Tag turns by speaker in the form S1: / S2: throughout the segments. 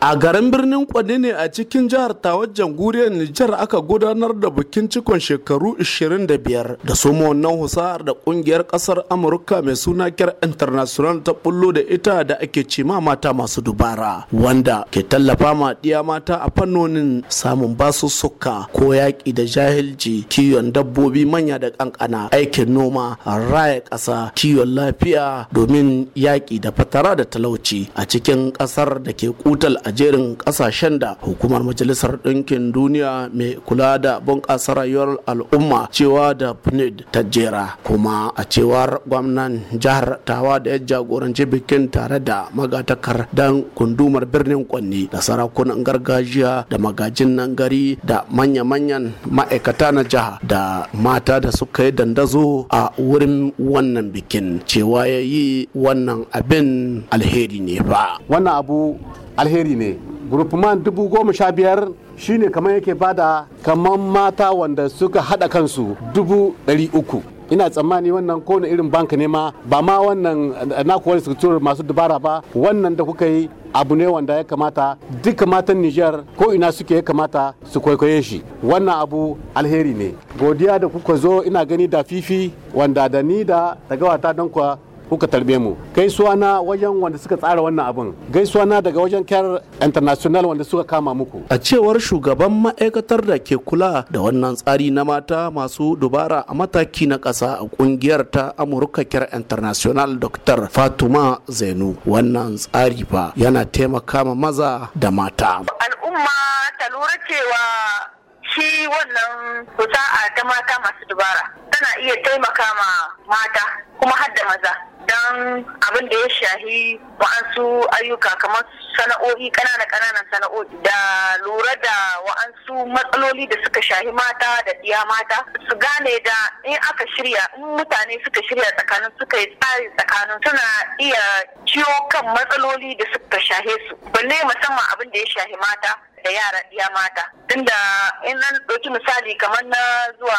S1: A garin birnin Kwani ne a cikin jihar Tawar jamhuriyar Nijar aka gudanar da bikin cikon shekaru 25 da soma wannan husa'ar da kungiyar kasar Amurka mai suna kyar international ta bullo da ita da ake cima mata masu dubara wanda ke tallafa ma diya mata a fannonin samun basu basussuka ko yaƙi da jahilci kiwon dabbobi manya da kankana aikin noma raya ƙasa kiwon lafiya domin yaƙi da fatara da talauci a cikin ƙasar da ke kutal a jerin kasashen da hukumar majalisar ɗinkin duniya mai kula da bunƙasa rayuwar al'umma cewa da pnid e ta jera kuma a cewar gwamnan jihar tawa da ya jagoranci bikin tare da magatakar dan gundumar birnin kwanni da sarakunan gargajiya da magajin nan gari da manya-manyan ma'aikata na jiha da mata da suka yi dandazo a wurin wannan bikin cewa ya yi wannan abin alheri ne ba wannan abu alheri ne
S2: groupement dubu goma sha biyar shine kamar yake bada kamar mata wanda suka hada kansu dubu dari uku ina tsammani wannan kone irin banka ne ma ba ma wannan eh, na structure masu dubara ba wannan da kuka yi abu ne wanda ya kamata duka matan Nijar ko ina suke ya kamata su kwaikwaye shi wannan abu alheri ne godiya da kuka zo ina gani da fifi wanda da ni da tagawata don kwa kuka tarbe mu gaisuwa na wajen wanda suka tsara wannan abin gaisuwa na daga wajen kyar
S1: international wanda suka kama muku a cewar shugaban ma'aikatar da ke kula da wannan tsari na mata masu dubara a mataki na ƙasa a kungiyar ta amurka kyar international dr fatuma zainu wannan tsari fa yana taimaka ma maza da mata
S3: al'umma ta lura cewa shi wannan a ta mata masu dubara tana iya taimaka ma mata kuma har da maza don abin da ya shahi wa'ansu ayyuka kamar sana'o'i kanana kananan sana'o'i da lura da wa'ansu matsaloli da suka shahi mata da iya mata su gane da in aka shirya in mutane suka shirya tsakanin suka yi tsari tsakanin suna iya ciwo kan matsaloli da suka shahe su balle musamman abin da ya shahi mata da yara iya mata tunda in an ɗauki misali kamar na zuwa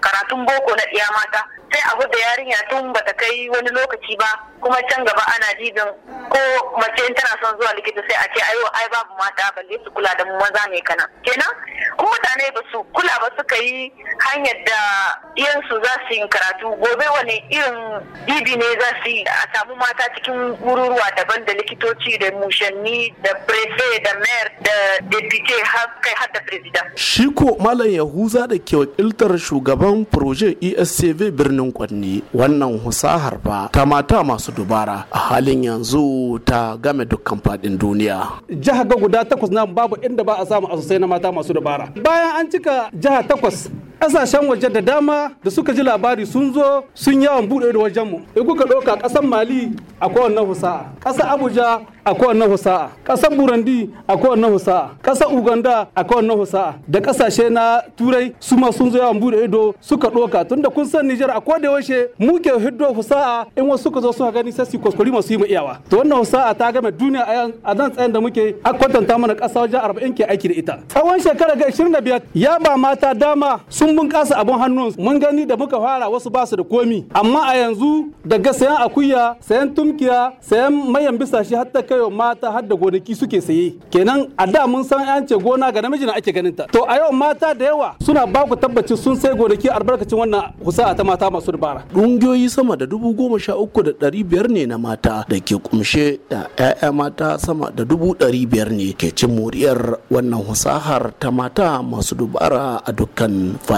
S3: karatun boko na ɗiya mata sai abu da yarinya tun bata kai wani lokaci ba kuma can gaba ana jibin ko mace in tana son zuwa likita sai a ce ayo ai babu mata balle su kula da mu maza ne kana kenan ko mutane ba su kula ba suka yi hanyar da iyansu za su yi karatu gobe wani irin bibi ne za su yi a samu mata cikin gururuwa daban da likitoci da mushanni da prefe da mayor da shiko har da
S1: president. Shi ko Malam Yahuza da ke wakiltar shugaban proje ESCV birnin Kwanni wannan husahar ba ta mata masu dubara a halin yanzu ta game dukkan fadin duniya.
S4: Jihar ga guda takwas na babu inda ba a samu a na mata masu dubara. Bayan an cika jihar takwas kasashen waje da dama da suka ji labari sun zo sun yawon buɗe da wajenmu in kuka ɗauka ƙasar mali a kowanne husa'a ƙasar abuja a kowanne husa'a ƙasar burandi a kowanne husa'a ƙasar uganda a kowanne husa'a da ƙasashe na turai su ma sun zo yawon buɗe ido suka ɗauka tunda kun san nijar a koda yaushe mu ke hiddo husa'a in wasu suka zo suka gani sai su masu yi mu iyawa to wannan husa'a ta game duniya a nan tsayin da muke a kwatanta mana ƙasa wajen arba'in ke aiki da ita tsawon shekara ga biyar ya ba mata dama sun sun bunƙasa abun hannun mun gani da muka fara wasu basu da komi amma a yanzu daga sayan akuya sayan tumkiya sayan mayan bisashi har ta kai mata har da gonaki suke saye kenan a da mun san an gona ga namiji na ake ganin ta to a yau mata da yawa suna ba ku tabbaci sun sai gonaki albarkacin wannan husa ta mata masu dubara
S1: ƙungiyoyi sama da dubu goma sha uku da ɗari biyar ne na mata da ke kumshe da 'ya'ya mata sama da dubu ɗari biyar ne ke cin muriyar wannan husahar ta mata masu dubara a dukkan fa